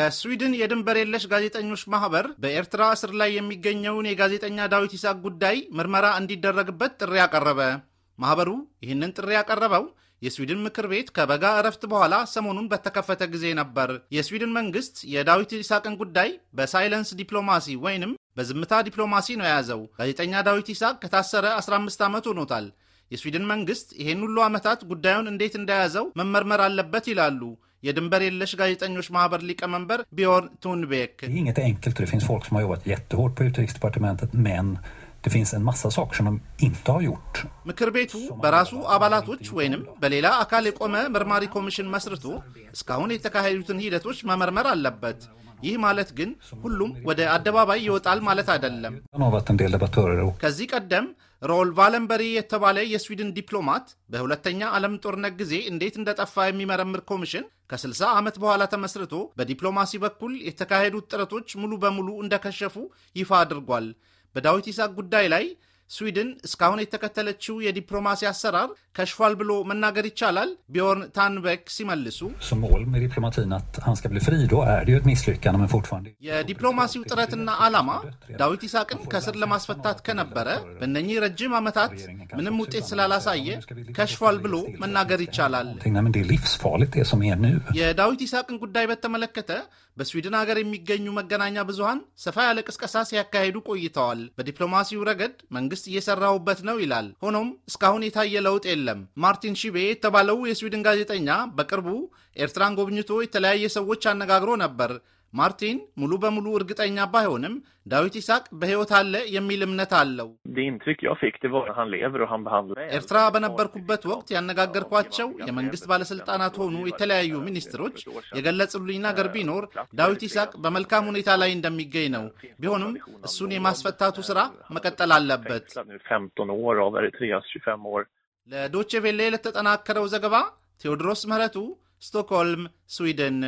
የስዊድን የድንበር የለሽ ጋዜጠኞች ማህበር በኤርትራ እስር ላይ የሚገኘውን የጋዜጠኛ ዳዊት ይስሐቅ ጉዳይ ምርመራ እንዲደረግበት ጥሪ አቀረበ። ማህበሩ ይህንን ጥሪ ያቀረበው የስዊድን ምክር ቤት ከበጋ እረፍት በኋላ ሰሞኑን በተከፈተ ጊዜ ነበር። የስዊድን መንግስት የዳዊት ይስሐቅን ጉዳይ በሳይለንስ ዲፕሎማሲ ወይንም በዝምታ ዲፕሎማሲ ነው የያዘው። ጋዜጠኛ ዳዊት ይስሐቅ ከታሰረ 15 ዓመት ሆኖታል። የስዊድን መንግስት ይህን ሁሉ ዓመታት ጉዳዩን እንዴት እንደያዘው መመርመር አለበት ይላሉ የድንበር የለሽ ጋዜጠኞች ማህበር ሊቀመንበር ቢዮርን ቱንቤክ። Det är inget enkelt och det finns folk som har jobbat jättehårt på utrikesdepartementet men ምክር ቤቱ በራሱ አባላቶች ወይንም በሌላ አካል የቆመ መርማሪ ኮሚሽን መስርቶ እስካሁን የተካሄዱትን ሂደቶች መመርመር አለበት። ይህ ማለት ግን ሁሉም ወደ አደባባይ ይወጣል ማለት አይደለም። ከዚህ ቀደም ሮል ቫለንበሪ የተባለ የስዊድን ዲፕሎማት በሁለተኛ ዓለም ጦርነት ጊዜ እንዴት እንደጠፋ የሚመረምር ኮሚሽን ከ60 ዓመት በኋላ ተመስርቶ በዲፕሎማሲ በኩል የተካሄዱት ጥረቶች ሙሉ በሙሉ እንደከሸፉ ይፋ አድርጓል። በዳዊት ይስሐቅ ጉዳይ ላይ ስዊድን እስካሁን የተከተለችው የዲፕሎማሲ አሰራር ከሽፏል ብሎ መናገር ይቻላል? ቢዮርን ታንበክ ሲመልሱ የዲፕሎማሲው ጥረትና ዓላማ ዳዊት ይስሐቅን ከስር ለማስፈታት ከነበረ በእነኚህ ረጅም ዓመታት ምንም ውጤት ስላላሳየ ከሽፏል ብሎ መናገር ይቻላል። የዳዊት ይስሐቅን ጉዳይ በተመለከተ በስዊድን ሀገር የሚገኙ መገናኛ ብዙሃን ሰፋ ያለ ቅስቀሳ ሲያካሄዱ ቆይተዋል። በዲፕሎማሲው ረገድ መንግስት መንግስት እየሰራሁበት ነው ይላል። ሆኖም እስካሁን የታየ ለውጥ የለም። ማርቲን ሺቤ የተባለው የስዊድን ጋዜጠኛ በቅርቡ ኤርትራን ጎብኝቶ የተለያየ ሰዎች አነጋግሮ ነበር። ማርቲን ሙሉ በሙሉ እርግጠኛ ባይሆንም ዳዊት ይስሐቅ በሕይወት አለ የሚል እምነት አለው። ኤርትራ በነበርኩበት ወቅት ያነጋገርኳቸው የመንግስት ባለስልጣናት ሆኑ የተለያዩ ሚኒስትሮች የገለጹልኝ ነገር ቢኖር ዳዊት ይስሐቅ በመልካም ሁኔታ ላይ እንደሚገኝ ነው። ቢሆንም እሱን የማስፈታቱ ስራ መቀጠል አለበት። ለዶቼ ቬሌ ለተጠናከረው ዘገባ ቴዎድሮስ ምህረቱ ስቶክሆልም፣ ስዊድን